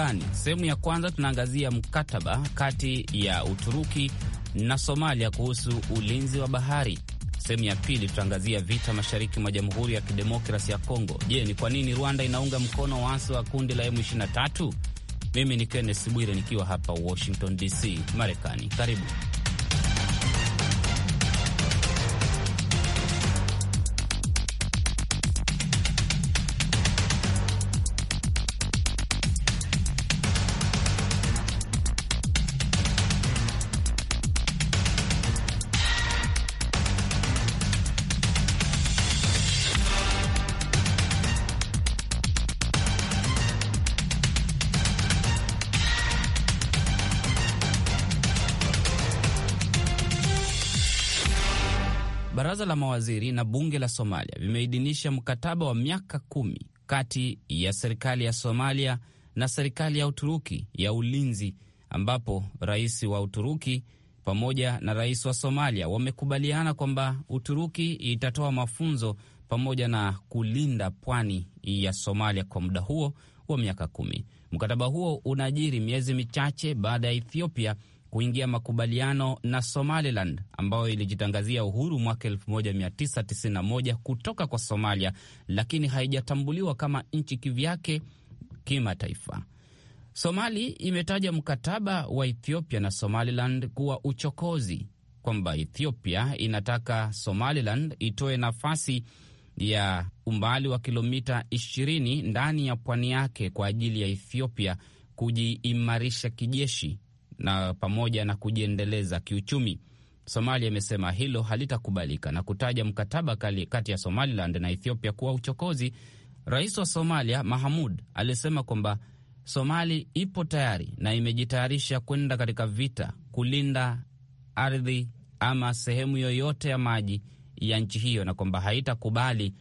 undani. Sehemu ya kwanza tunaangazia mkataba kati ya Uturuki na Somalia kuhusu ulinzi wa bahari. Sehemu ya pili tutaangazia vita mashariki mwa Jamhuri ya Kidemokrasi ya Kongo. Je, ni kwa nini Rwanda inaunga mkono waasi wa kundi la M23? Mimi ni kennes Bwire nikiwa hapa Washington DC, Marekani. Karibu. Baraza la mawaziri na bunge la Somalia vimeidhinisha mkataba wa miaka kumi kati ya serikali ya Somalia na serikali ya Uturuki ya ulinzi, ambapo rais wa Uturuki pamoja na rais wa Somalia wamekubaliana kwamba Uturuki itatoa mafunzo pamoja na kulinda pwani ya Somalia kwa muda huo wa miaka kumi. Mkataba huo unaajiri miezi michache baada ya Ethiopia kuingia makubaliano na Somaliland ambayo ilijitangazia uhuru mwaka 1991 kutoka kwa Somalia, lakini haijatambuliwa kama nchi kivyake kimataifa. Somali imetaja mkataba wa Ethiopia na Somaliland kuwa uchokozi, kwamba Ethiopia inataka Somaliland itoe nafasi ya umbali wa kilomita 20 ndani ya pwani yake kwa ajili ya Ethiopia kujiimarisha kijeshi na pamoja na kujiendeleza kiuchumi. Somalia imesema hilo halitakubalika na kutaja mkataba kati ya Somaliland na Ethiopia kuwa uchokozi. Rais wa Somalia Mahamud alisema kwamba Somali ipo tayari na imejitayarisha kwenda katika vita kulinda ardhi ama sehemu yoyote ya maji ya nchi hiyo, na kwamba haitakubali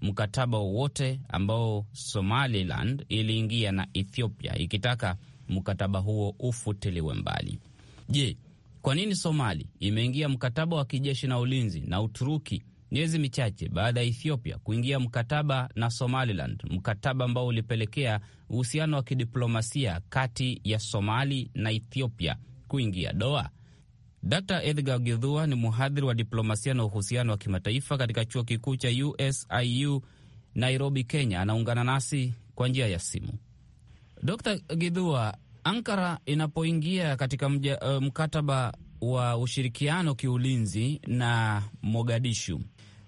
mkataba wowote ambao Somaliland iliingia na Ethiopia ikitaka mkataba huo ufutiliwe mbali. Je, kwa nini Somali imeingia mkataba wa kijeshi na ulinzi na Uturuki miezi michache baada ya Ethiopia kuingia mkataba na Somaliland, mkataba ambao ulipelekea uhusiano wa kidiplomasia kati ya Somali na Ethiopia kuingia doa? Dr Edgar gidhua ni mhadhiri wa diplomasia na uhusiano wa kimataifa katika chuo kikuu cha USIU Nairobi, Kenya. Anaungana nasi kwa njia ya simu. Dr. Gidhua, Ankara inapoingia katika mja, uh, mkataba wa ushirikiano kiulinzi na Mogadishu,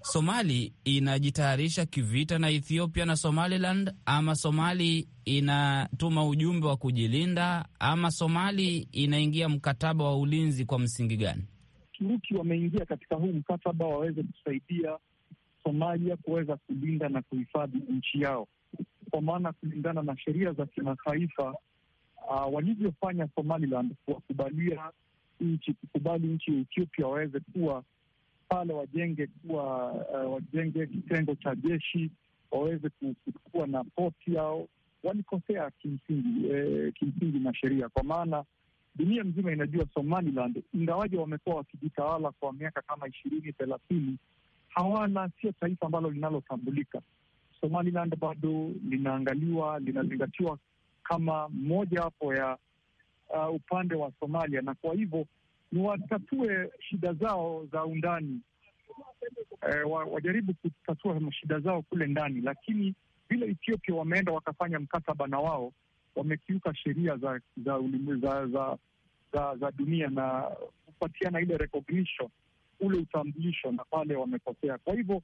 Somali inajitayarisha kivita na Ethiopia na Somaliland, ama Somali inatuma ujumbe wa kujilinda, ama Somali inaingia mkataba wa ulinzi kwa msingi gani? Turuki wameingia katika huu mkataba waweze kusaidia Somalia kuweza kulinda na kuhifadhi nchi yao kwa maana kulingana na sheria za kimataifa uh, walivyofanya Somaliland kuwakubalia nchi kukubali nchi ya Ethiopia waweze kuwa pale, wajenge kuwa uh, wajenge kitengo cha jeshi, waweze kuwa na poti yao, walikosea kimsingi, eh, kimsingi na sheria, kwa maana dunia mzima inajua Somaliland, ingawaje wamekuwa wakijitawala kwa miaka kama ishirini thelathini, hawana sio taifa ambalo linalotambulika Somaliland bado linaangaliwa, linazingatiwa kama wapo ya uh, upande wa Somalia, na kwa hivyo ni watatue shida zao za undani e, wa, wajaribu kutatua shida zao kule ndani, lakini vile Ethiopia wameenda wakafanya mkataba na wao, wamekiuka sheria za za, za za za za dunia na kupatiana ile recognition, ule utambulisho, na pale wamekosea. Kwa hivyo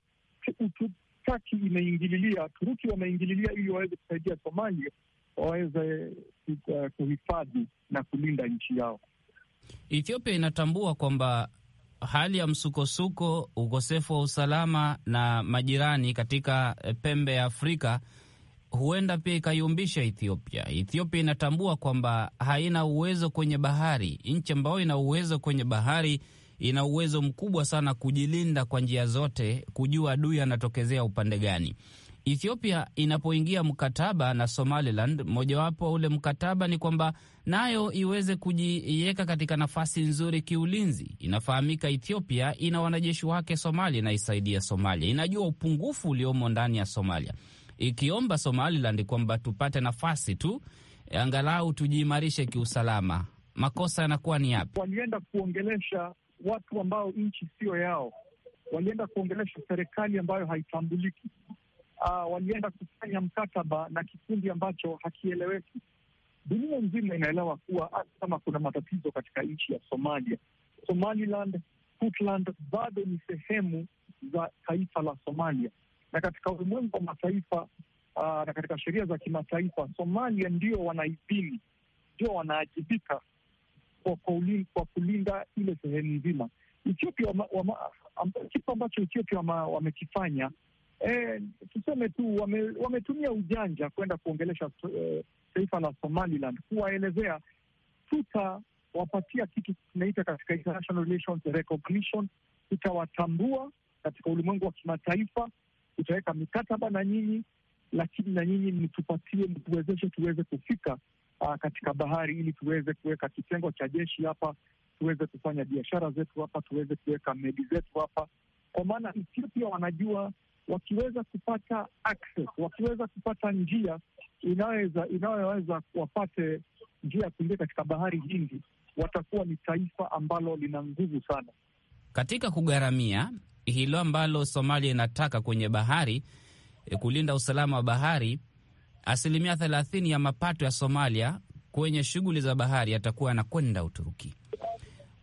Turki imeingililia, Turuki wameingililia ili waweze kusaidia Somalia waweze uh, kuhifadhi na kulinda nchi yao. Ethiopia inatambua kwamba hali ya msukosuko, ukosefu wa usalama na majirani katika eh, pembe ya Afrika huenda pia ikayumbisha Ethiopia. Ethiopia inatambua kwamba haina uwezo kwenye bahari. Nchi ambayo ina uwezo kwenye bahari ina uwezo mkubwa sana kujilinda kwa njia zote, kujua adui anatokezea upande gani. Ethiopia inapoingia mkataba na Somaliland, mojawapo ule mkataba ni kwamba nayo iweze kujiweka katika nafasi nzuri kiulinzi. Inafahamika Ethiopia ina wanajeshi wake Somalia, inaisaidia Somalia, inajua upungufu uliomo ndani ya Somalia, ikiomba Somaliland kwamba tupate nafasi tu angalau tujiimarishe kiusalama. Makosa yanakuwa ni yapi? Walienda kuongelesha watu ambao nchi sio yao, walienda kuongelesha serikali ambayo haitambuliki. Uh, walienda kufanya mkataba na kikundi ambacho hakieleweki. Dunia nzima inaelewa kuwa hata kama kuna matatizo katika nchi ya Somalia, Somaliland, Puntland bado ni sehemu za taifa la Somalia, na katika ulimwengu wa mataifa uh, na katika sheria za kimataifa Somalia ndio wanaidhini, ndio wanaajibika kwa, kwa, uli, kwa kulinda ile sehemu nzima. Ethiopia kitu ambacho Ethiopia wamekifanya eh, tuseme tu wame, wametumia ujanja kwenda kuongelesha eh, taifa la Somaliland kuwaelezea tutawapatia kitu tunaita katika international relations recognition, tutawatambua katika ulimwengu wa kimataifa, tutaweka mikataba na nyinyi, lakini na nyinyi mtupatie, mtuwezeshe tuweze kufika uh, katika bahari ili tuweze kuweka kitengo cha jeshi hapa, tuweze kufanya biashara zetu hapa, tuweze kuweka meli zetu hapa, kwa maana Ethiopia wanajua wakiweza kupata access, wakiweza kupata njia inaweza inayoweza wapate njia ya kuingia katika bahari Hindi, watakuwa ni taifa ambalo lina nguvu sana katika kugharamia hilo ambalo Somalia inataka kwenye bahari, eh, kulinda usalama wa bahari asilimia thelathini ya mapato ya Somalia kwenye shughuli za bahari yatakuwa yanakwenda Uturuki.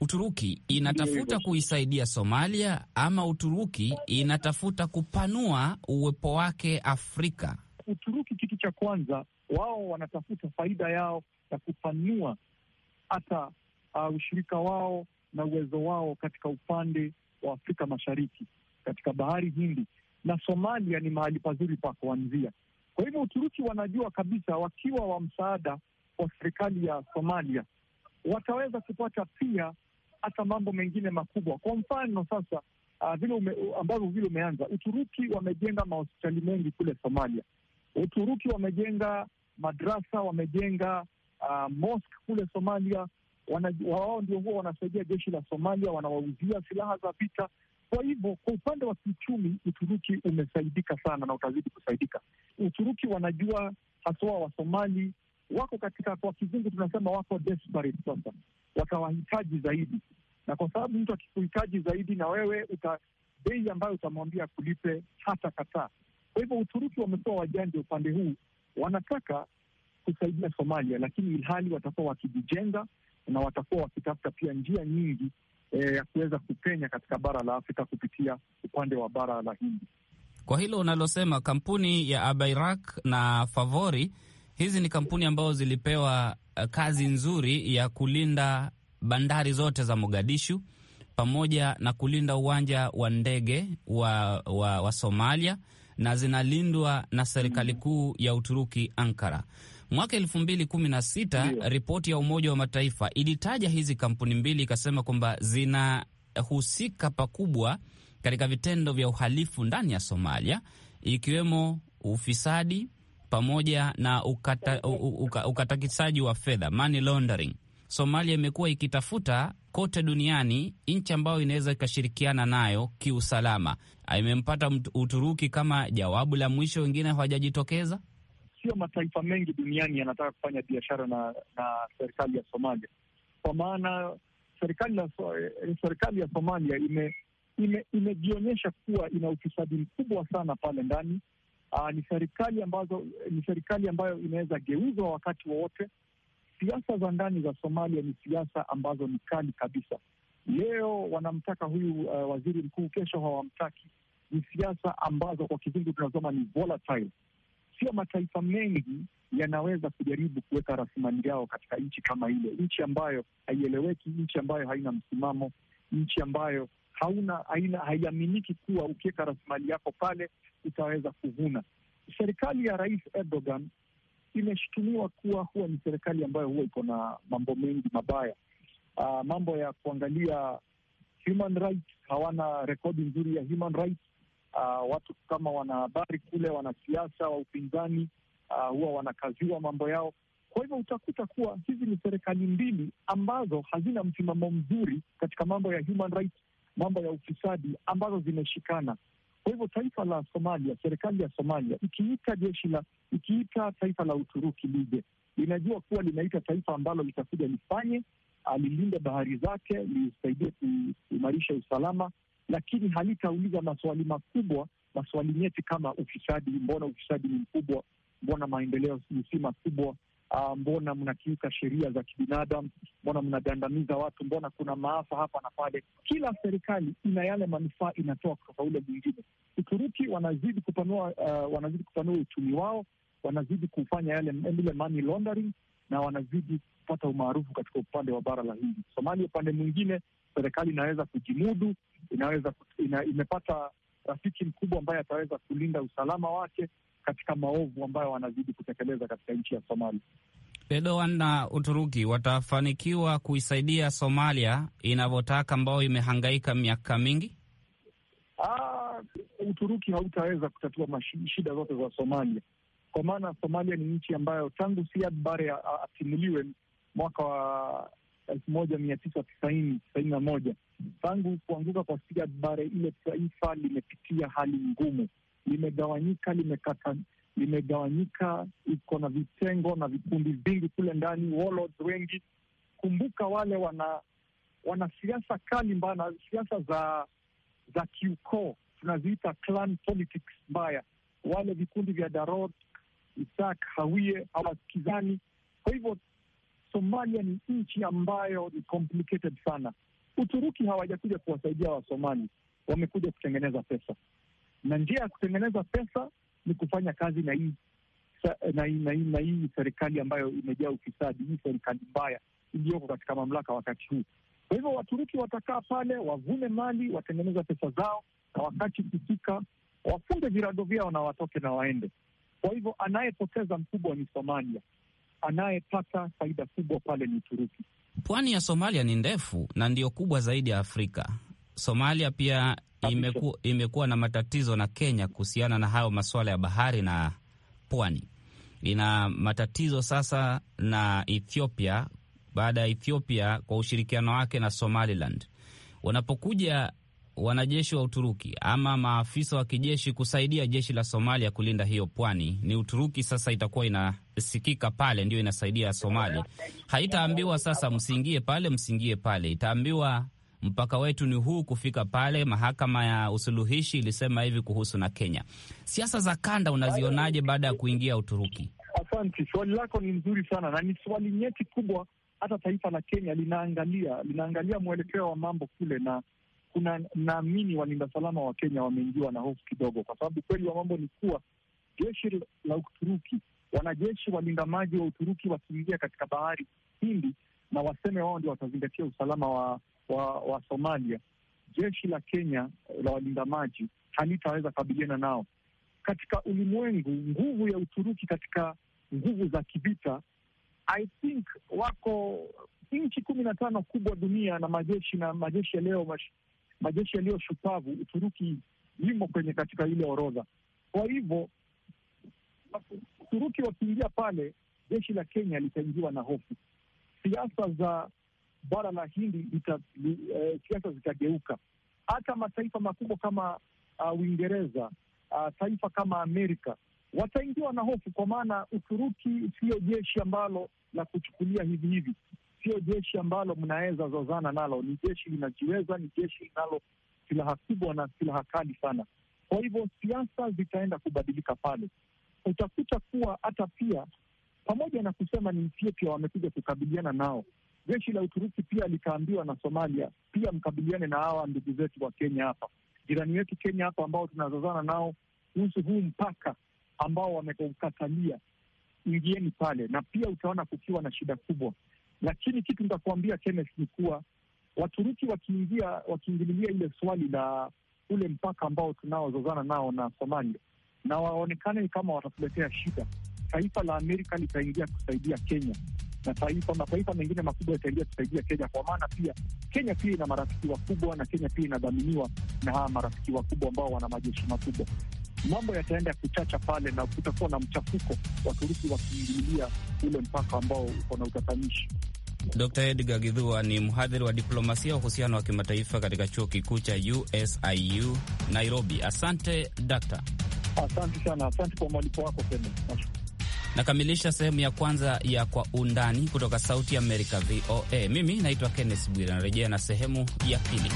Uturuki inatafuta kuisaidia Somalia ama Uturuki inatafuta kupanua uwepo wake Afrika? Uturuki, kitu cha kwanza, wao wanatafuta faida yao ya kupanua hata uh, ushirika wao na uwezo wao katika upande wa Afrika Mashariki, katika bahari Hindi, na Somalia ni mahali pazuri pa kuanzia. Kwa hivyo Uturuki wanajua kabisa wakiwa wa msaada wa serikali ya Somalia wataweza kupata pia hata mambo mengine makubwa. Kwa mfano sasa, uh, vile ume, ambavyo vile umeanza, Uturuki wamejenga mahospitali mengi kule Somalia. Uturuki wamejenga madrasa, wamejenga uh, mosque kule Somalia. Wao ndio huwa wanasaidia jeshi la Somalia, wanawauzia silaha za vita. Kwa hivyo kwa upande wa kiuchumi, Uturuki umesaidika sana na utazidi kusaidika. Uturuki wanajua haswa Wasomali wako katika, kwa kizungu tunasema wako desperate, sasa watawahitaji zaidi, na kwa sababu mtu akikuhitaji zaidi, na wewe uta bei ambayo utamwambia kulipe hata kataa. Kwa hivyo Uturuki wamekuwa wajanja upande huu, wanataka kusaidia Somalia, lakini ilhali watakuwa wakijijenga na watakuwa wakitafuta pia njia nyingi e, ya kuweza kupenya katika bara la Afrika kupitia upande wa bara la Hindi. Kwa hilo unalosema, kampuni ya Abairak na Favori, hizi ni kampuni ambazo zilipewa eh, kazi nzuri ya kulinda bandari zote za Mogadishu pamoja na kulinda uwanja wa ndege wa, wa, wa Somalia na zinalindwa na serikali kuu ya Uturuki Ankara. Mwaka elfu mbili kumi na sita ripoti ya Umoja wa Mataifa ilitaja hizi kampuni mbili ikasema kwamba zinahusika pakubwa katika vitendo vya uhalifu ndani ya Somalia ikiwemo ufisadi pamoja na ukata, ukatakisaji wa fedha money laundering. Somalia imekuwa ikitafuta kote duniani nchi ambayo inaweza ikashirikiana nayo kiusalama. Imempata Uturuki kama jawabu la mwisho, wengine hawajajitokeza sio mataifa mengi duniani yanataka kufanya biashara na na serikali ya Somalia, kwa maana serikali ya eh, serikali ya Somalia ime imejionyesha ime kuwa ina ufisadi mkubwa sana pale ndani. Aa, ah, ni serikali ambazo ni serikali ambayo inaweza geuzwa wakati wowote. siasa za ndani za Somalia ni siasa ambazo ni kali kabisa. Leo wanamtaka huyu uh, waziri mkuu, kesho hawamtaki. Ni siasa ambazo kwa kizungu tunasema ni volatile sio mataifa mengi yanaweza kujaribu kuweka rasilimali yao katika nchi kama ile, nchi ambayo haieleweki, nchi ambayo haina msimamo, nchi ambayo hauna haina haiaminiki kuwa ukiweka rasilimali yako pale utaweza kuvuna. Serikali ya Rais Erdogan imeshutumiwa kuwa huwa ni serikali ambayo huwa iko na mambo mengi mabaya. Uh, mambo ya kuangalia human rights, hawana rekodi nzuri ya human rights uh, watu kama wanahabari kule, wanasiasa wa upinzani uh, huwa wanakaziwa mambo yao. Kwa hivyo utakuta kuwa hizi ni serikali mbili ambazo hazina msimamo mzuri katika mambo ya human rights, mambo ya ufisadi, ambazo zimeshikana. Kwa hivyo taifa la Somalia, serikali ya Somalia ikiita jeshi la ikiita taifa la Uturuki lije, linajua kuwa linaita taifa ambalo litakuja lifanye, alilinde bahari zake, lisaidie kuimarisha usalama lakini halitauliza maswali makubwa, maswali nyeti kama ufisadi. Mbona ufisadi ni mkubwa? Mbona maendeleo si makubwa? Uh, mbona mnakiuka sheria za kibinadamu? Mbona mnagandamiza watu? Mbona kuna maafa hapa na pale? Kila serikali ina yale manufaa inatoa kutoka ule mwingine. Uturuki wanazidi kupanua, uh, wanazidi kupanua uchumi wao, wanazidi kufanya yale ile money laundering, na wanazidi kupata umaarufu katika upande wa bara la Hindi. Somalia upande mwingine serikali inaweza kujimudu, inaweza ina, imepata rafiki mkubwa ambaye ataweza kulinda usalama wake katika maovu ambayo wanazidi kutekeleza katika nchi ya Somalia. Erdogan na Uturuki watafanikiwa kuisaidia Somalia inavyotaka, ambayo imehangaika miaka mingi. Aa, ah, Uturuki hautaweza kutatua shida zote za Somalia kwa maana Somalia ni nchi ambayo tangu Siad Barre atimuliwe mwaka wa elfu moja mia tisa tisaini tisaini na moja tangu kuanguka kwa siria bare ile taifa limepitia hali ngumu limegawanyika limekata limegawanyika iko na vitengo na vikundi vingi kule ndani wengi kumbuka wale wana siasa kali mbana siasa za za kiukoo tunaziita clan politics mbaya wale vikundi vya darot isak hawie hawasikizani kwa hivyo Somalia ni nchi ambayo ni complicated sana. Uturuki hawajakuja kuwasaidia Wasomali, wamekuja kutengeneza pesa, na njia ya kutengeneza pesa ni kufanya kazi na hii na hii na hii na hii serikali ambayo imejaa ufisadi, hii serikali mbaya iliyoko katika mamlaka wakati huu. Kwa hivyo Waturuki watakaa pale, wavune mali, watengeneza pesa zao, na wakati ikifika wafunge virago vyao na watoke na waende. Kwa hivyo anayepoteza mkubwa ni Somalia anayepata faida kubwa pale ni Uturuki. Pwani ya Somalia ni ndefu na ndiyo kubwa zaidi ya Afrika. Somalia pia imeku, imekuwa na matatizo na Kenya kuhusiana na hayo masuala ya bahari na pwani. Ina matatizo sasa na Ethiopia baada ya Ethiopia kwa ushirikiano wake na Somaliland. Unapokuja wanajeshi wa Uturuki ama maafisa wa kijeshi kusaidia jeshi la Somalia kulinda hiyo pwani. Ni Uturuki sasa itakuwa inasikika pale, ndio inasaidia Somalia. Haitaambiwa sasa msiingie pale, msiingie pale, itaambiwa mpaka wetu ni huu kufika pale. Mahakama ya usuluhishi ilisema hivi kuhusu na Kenya. Siasa za kanda unazionaje baada ya kuingia Uturuki? Asante, swali lako ni nzuri sana na ni swali nyeti kubwa. Hata taifa la Kenya linaangalia linaangalia mwelekeo wa mambo kule, na kuna naamini walinda salama wa Kenya wameingiwa na hofu kidogo, kwa sababu kweli wa mambo ni kuwa jeshi la Uturuki, wanajeshi walinda maji wa Uturuki wakiingia katika bahari Hindi na waseme wao ndio watazingatia usalama wa, wa, wa Somalia, jeshi la Kenya eh, la walinda maji halitaweza kabiliana nao. Katika ulimwengu, nguvu ya Uturuki katika nguvu za kivita, I think wako nchi kumi na tano kubwa dunia na majeshi na majeshi ya leo majeshi yaliyo shupavu, Uturuki limo kwenye katika ile orodha. Kwa hivyo Uturuki wakiingia pale, jeshi la Kenya litaingiwa na hofu, siasa za bara la Hindi eh, siasa zitageuka. Hata mataifa makubwa kama uh, Uingereza uh, taifa kama Amerika wataingiwa na hofu, kwa maana Uturuki siyo jeshi ambalo la kuchukulia hivi hivi sio jeshi ambalo mnaweza zozana nalo. Ni jeshi linajiweza, ni jeshi linalo silaha kubwa na silaha kali sana. Kwa hivyo siasa zitaenda kubadilika pale. Utakuta kuwa hata pia pamoja na kusema ni Ethiopia wamekuja kukabiliana nao, jeshi la Uturuki pia likaambiwa na Somalia pia mkabiliane na hawa ndugu zetu wa Kenya hapa, jirani wetu Kenya hapa, ambao tunazozana nao kuhusu huu mpaka ambao wameukatalia ingieni pale. Na pia utaona kukiwa na shida kubwa. Lakini kitu nitakuambia Kenneth ni kuwa Waturuki wakiingia wakiingililia ile swali la ule mpaka ambao tunaozozana nao na Somalia, na waonekane kama watatuletea shida, taifa la Amerika litaingia kusaidia Kenya na taifa mataifa mengine makubwa yataingia kusaidia Kenya kwa maana pia Kenya pia ina marafiki wakubwa, na Kenya pia inadhaminiwa na hawa marafiki wakubwa ambao wana majeshi makubwa mambo yataenda kuchacha pale na kutakuwa na mchafuko, Waturuki wakiingilia ule mpaka ambao uko na utatanishi. Dr Edgar Gidhua ni mhadhiri wa diplomasia wa uhusiano wa kimataifa katika chuo kikuu cha USIU Nairobi. Asante dakta. Asante sana, asante kwa mwaliko wako tena. Nakamilisha sehemu ya kwanza ya Kwa Undani kutoka Sauti ya Amerika, VOA. Mimi naitwa Kenneth Bwire, narejea na sehemu ya pili.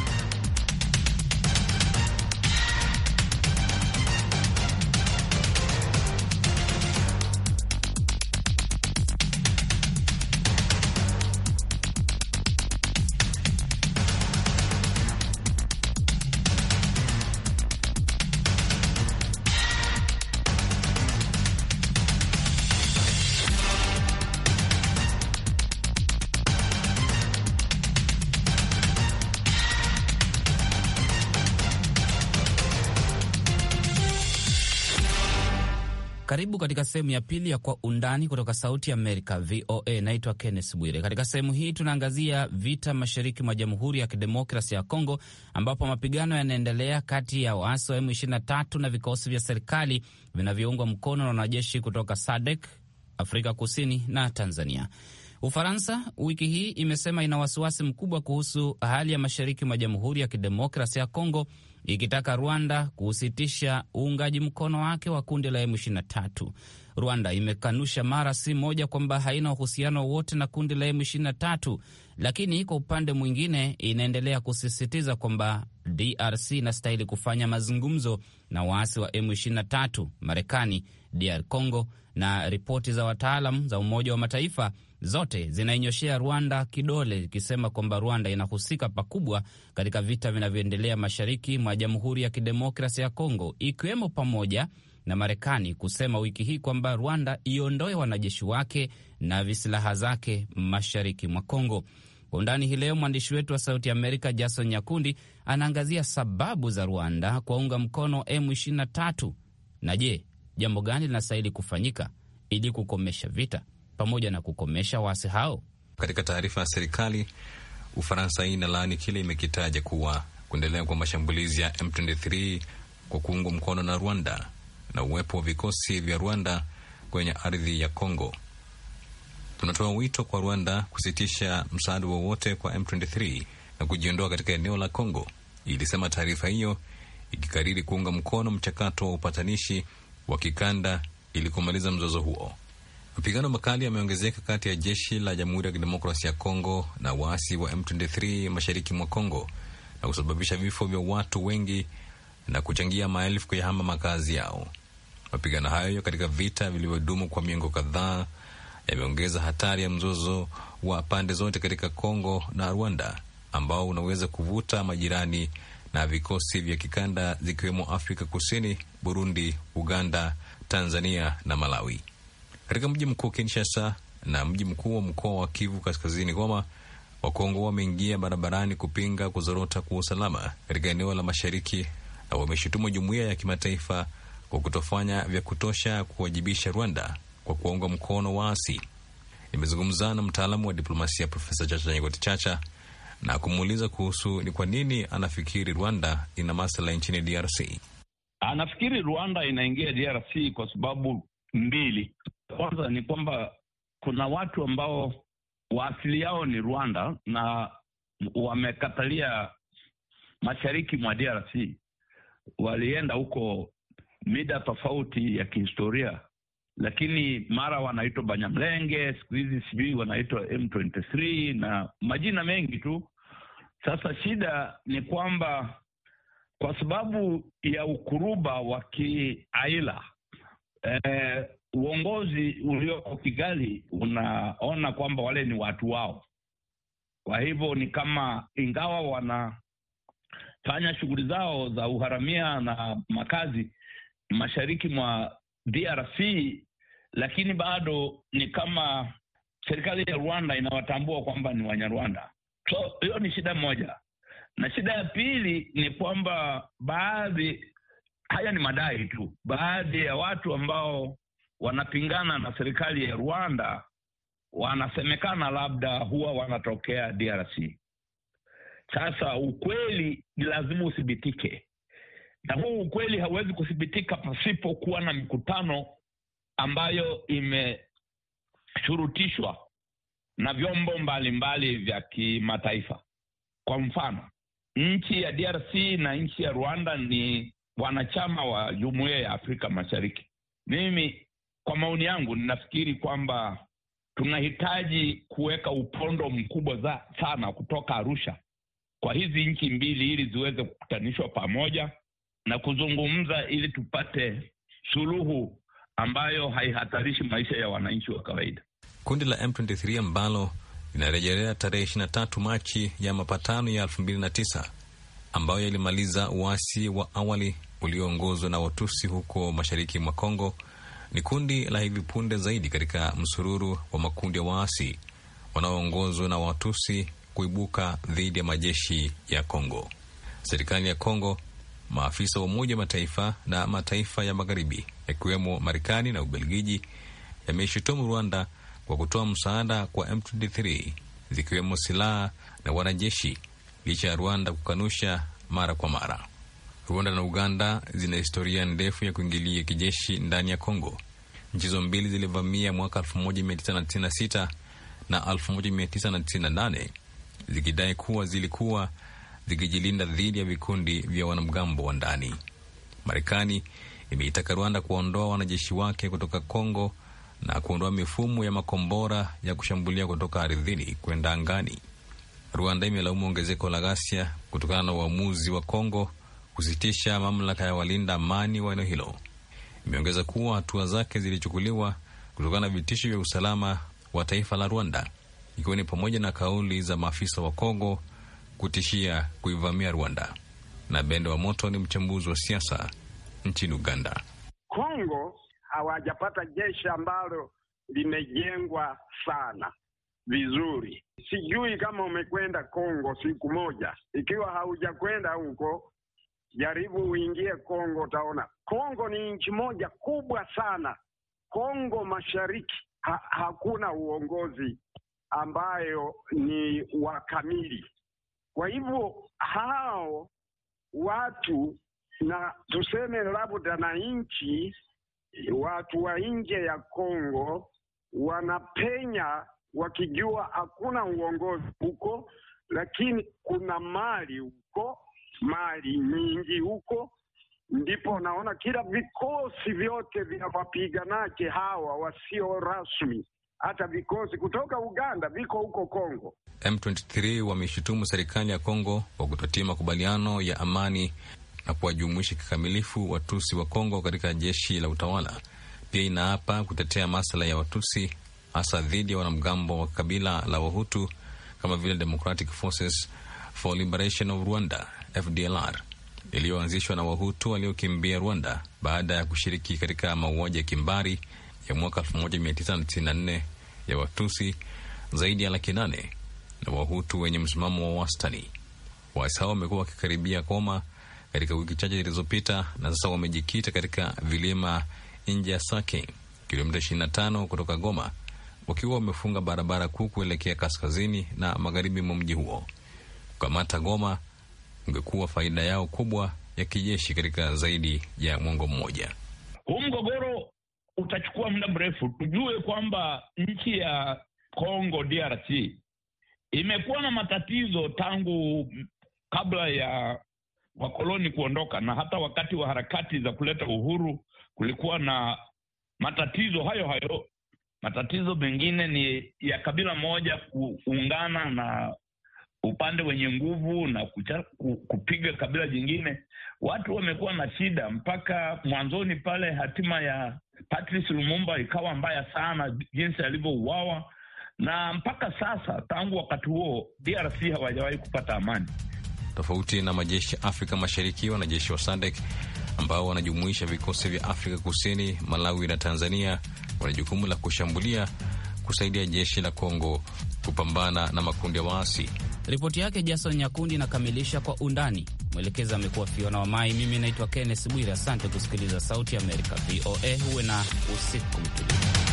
Karibu katika sehemu ya pili ya Kwa Undani kutoka Sauti ya Amerika, VOA. Naitwa kennes Bwire. Katika sehemu hii tunaangazia vita mashariki mwa Jamhuri ya Kidemokrasia ya Kongo, ambapo mapigano yanaendelea kati ya waasi wa M23 na vikosi vya serikali vinavyoungwa mkono na wanajeshi kutoka SADEK, Afrika Kusini na Tanzania. Ufaransa wiki hii imesema ina wasiwasi mkubwa kuhusu hali ya mashariki mwa Jamhuri ya Kidemokrasia ya Kongo ikitaka Rwanda kusitisha uungaji mkono wake wa kundi la M23. Rwanda imekanusha mara si moja kwamba haina uhusiano wowote na kundi la M23, lakini kwa upande mwingine inaendelea kusisitiza kwamba DRC inastahili kufanya mazungumzo na waasi wa M23, Marekani, DR Congo na ripoti za wataalam za Umoja wa Mataifa zote zinainyoshea Rwanda kidole ikisema kwamba Rwanda inahusika pakubwa katika vita vinavyoendelea mashariki mwa Jamhuri ya Kidemokrasi ya Kongo, ikiwemo pamoja na Marekani kusema wiki hii kwamba Rwanda iondoe wanajeshi wake na visilaha zake mashariki mwa Kongo. Kwa undani hii leo, mwandishi wetu wa Sauti Amerika Jason Nyakundi anaangazia sababu za Rwanda kuwaunga mkono M23 na je, jambo gani linastahili kufanyika ili kukomesha vita pamoja na kukomesha waasi hao. Katika taarifa ya serikali, Ufaransa hii inalaani kile imekitaja kuwa kuendelea kwa mashambulizi ya M23 kwa kuungwa mkono na Rwanda na uwepo wa vikosi vya Rwanda kwenye ardhi ya congo Tunatoa wito kwa Rwanda kusitisha msaada wowote kwa M23 na kujiondoa katika eneo la congo ilisema taarifa hiyo, ikikariri kuunga mkono mchakato wa upatanishi wa kikanda ili kumaliza mzozo huo. Mapigano makali yameongezeka kati ya jeshi la Jamhuri ya Kidemokrasia ya Kongo na waasi wa M23 mashariki mwa Kongo na kusababisha vifo vya watu wengi na kuchangia maelfu kuyahama makazi yao. Mapigano hayo katika vita vilivyodumu kwa miongo kadhaa yameongeza hatari ya mzozo wa pande zote katika Kongo na Rwanda ambao unaweza kuvuta majirani na vikosi vya kikanda zikiwemo Afrika Kusini Burundi, Uganda, Tanzania na Malawi. Katika mji mkuu Kinshasa na mji mkuu wa mkoa wa Kivu Kaskazini, Goma, Wakongo wameingia barabarani kupinga kuzorota kwa usalama katika eneo la mashariki na wameshutumu jumuiya ya kimataifa kwa kutofanya vya kutosha kuwajibisha Rwanda kwa kuwaunga mkono waasi. Nimezungumza na mtaalamu wa diplomasia Profesa Chacha Nyegoti Chacha na kumuuliza kuhusu ni kwa nini anafikiri Rwanda ina masala nchini DRC. Ah, nafikiri Rwanda inaingia DRC kwa sababu mbili. Kwanza ni kwamba kuna watu ambao waasili yao ni Rwanda na wamekatalia mashariki mwa DRC, walienda huko mida tofauti ya kihistoria, lakini mara wanaitwa Banyamlenge, siku hizi sijui wanaitwa M23 na majina mengi tu. Sasa shida ni kwamba kwa sababu ya ukuruba wa kiaila eh, uongozi ulioko Kigali unaona kwamba wale ni watu wao. Kwa hivyo ni kama ingawa wanafanya shughuli zao za uharamia na makazi mashariki mwa DRC, lakini bado ni kama serikali ya Rwanda inawatambua kwamba ni Wanyarwanda. So hiyo ni shida moja. Na shida ya pili ni kwamba baadhi, haya ni madai tu, baadhi ya watu ambao wanapingana na serikali ya Rwanda wanasemekana labda huwa wanatokea DRC. Sasa ukweli ni lazima uthibitike, na huu ukweli hauwezi kuthibitika pasipokuwa na mikutano ambayo imeshurutishwa na vyombo mbalimbali mbali vya kimataifa. Kwa mfano, nchi ya DRC na nchi ya Rwanda ni wanachama wa Jumuiya ya Afrika Mashariki. Mimi kwa maoni yangu ninafikiri kwamba tunahitaji kuweka upondo mkubwa za, sana kutoka Arusha kwa hizi nchi mbili ili ziweze kukutanishwa pamoja na kuzungumza ili tupate suluhu ambayo haihatarishi maisha ya wananchi wa kawaida. Kundi la M23 ambalo linarejelea tarehe 23 Machi ya mapatano ya 2009 ambayo yalimaliza uasi wa awali ulioongozwa na Watusi huko mashariki mwa Kongo. Ni kundi la hivi punde zaidi katika msururu wa makundi ya waasi wanaoongozwa na Watusi kuibuka dhidi ya majeshi ya Kongo. Serikali ya Kongo, maafisa wa Umoja Mataifa na mataifa ya Magharibi yakiwemo Marekani na Ubelgiji yameishutumu Rwanda kwa kutoa msaada kwa M23 zikiwemo silaha na wanajeshi licha ya Rwanda kukanusha mara kwa mara. Rwanda na Uganda zina historia ndefu ya kuingilia kijeshi ndani ya Kongo. Nchi hizo mbili zilivamia mwaka 1996 na 1998 zikidai kuwa zilikuwa zikijilinda dhidi ya vikundi vya wanamgambo wa ndani. Marekani imeitaka Rwanda kuwaondoa wanajeshi wake kutoka Kongo na kuondoa mifumo ya makombora ya kushambulia kutoka ardhini kwenda angani. Rwanda imelaumu ongezeko la ghasia kutokana na uamuzi wa Kongo kusitisha mamlaka ya walinda amani wa eneo hilo. Imeongeza kuwa hatua zake zilichukuliwa kutokana na vitisho vya usalama wa taifa la Rwanda, ikiwa ni pamoja na kauli za maafisa wa Kongo kutishia kuivamia Rwanda. Na Bende wa Moto ni mchambuzi wa siasa nchini Uganda. Kongo hawajapata jeshi ambalo limejengwa sana vizuri. Sijui kama umekwenda Kongo siku moja. Ikiwa haujakwenda huko, jaribu uingie Kongo, utaona Kongo ni nchi moja kubwa sana. Kongo Mashariki ha hakuna uongozi ambayo ni wakamili. Kwa hivyo hao watu na tuseme labda na nchi watu wa nje ya Kongo wanapenya wakijua hakuna uongozi huko, lakini kuna mali huko, mali nyingi huko. Ndipo naona kila vikosi vyote vya wapiganaji hawa wasio rasmi, hata vikosi kutoka Uganda viko huko Kongo. M23 wameshutumu serikali ya Kongo kwa kutotii makubaliano ya amani na kuwajumuisha kikamilifu Watusi wa Kongo katika jeshi la utawala. Pia inaapa kutetea masuala ya Watusi hasa dhidi ya wanamgambo wa kabila la Wahutu kama vile Democratic Forces for Liberation of Rwanda FDLR iliyoanzishwa na Wahutu waliokimbia Rwanda baada ya kushiriki katika mauaji ya kimbari ya mwaka 1994 ya Watusi zaidi ya laki nane na Wahutu wenye msimamo wa wastani. Waasi hao wamekuwa wakikaribia koma katika wiki chache zilizopita, na sasa wamejikita katika vilima nje ya Sake, kilomita 25 kutoka Goma, wakiwa wamefunga barabara kuu kuelekea kaskazini na magharibi mwa mji huo. Kukamata Goma ungekuwa faida yao kubwa ya kijeshi katika zaidi ya mwongo mmoja. Huu mgogoro utachukua muda mrefu. Tujue kwamba nchi ya Congo DRC imekuwa na matatizo tangu kabla ya wakoloni kuondoka, na hata wakati wa harakati za kuleta uhuru kulikuwa na matatizo hayo hayo. Matatizo mengine ni ya kabila moja kuungana na upande wenye nguvu na kucha, kupiga kabila jingine. Watu wamekuwa na shida mpaka mwanzoni pale. Hatima ya Patrice Lumumba ikawa mbaya sana, jinsi alivyouawa, na mpaka sasa tangu wakati huo DRC hawajawahi kupata amani tofauti na majeshi Afrika Mashariki, wanajeshi wa SADC ambao wanajumuisha vikosi vya Afrika Kusini, Malawi na Tanzania wana jukumu la kushambulia, kusaidia jeshi la Kongo kupambana na makundi ya waasi. Ripoti yake Jason Nyakundi inakamilisha kwa undani. Mwelekezi amekuwa Fiona wa Mai. Mimi naitwa Kenneth Bwire, asante kusikiliza Sauti ya Amerika VOA. Huwe na usiku mtulivu.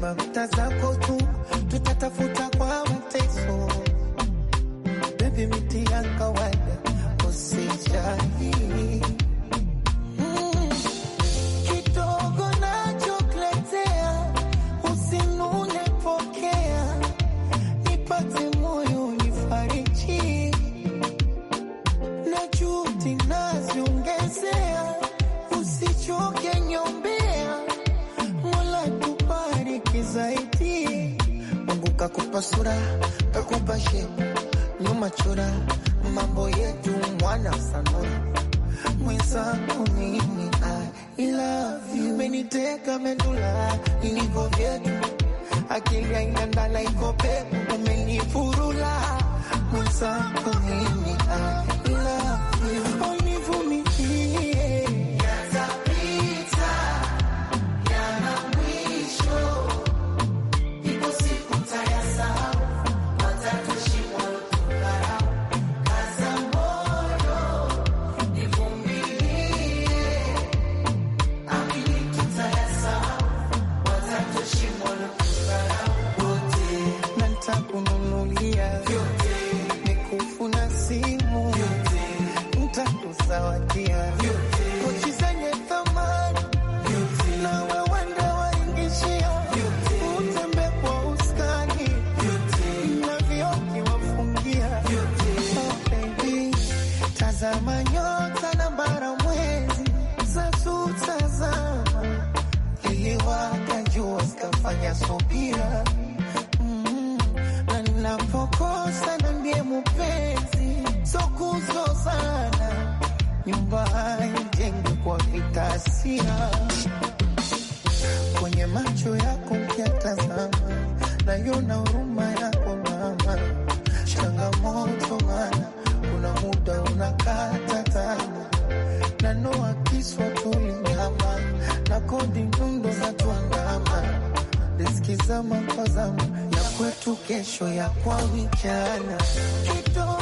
mama mtazamo hasia kwenye macho yako, ukiatazama naiona huruma yako mama, changamoto mana kuna muda unakata na nanoa kiswa tulingama na kodi nyundo za tuangama, riski kwa zama ya kwetu, kesho ya kwa kidogo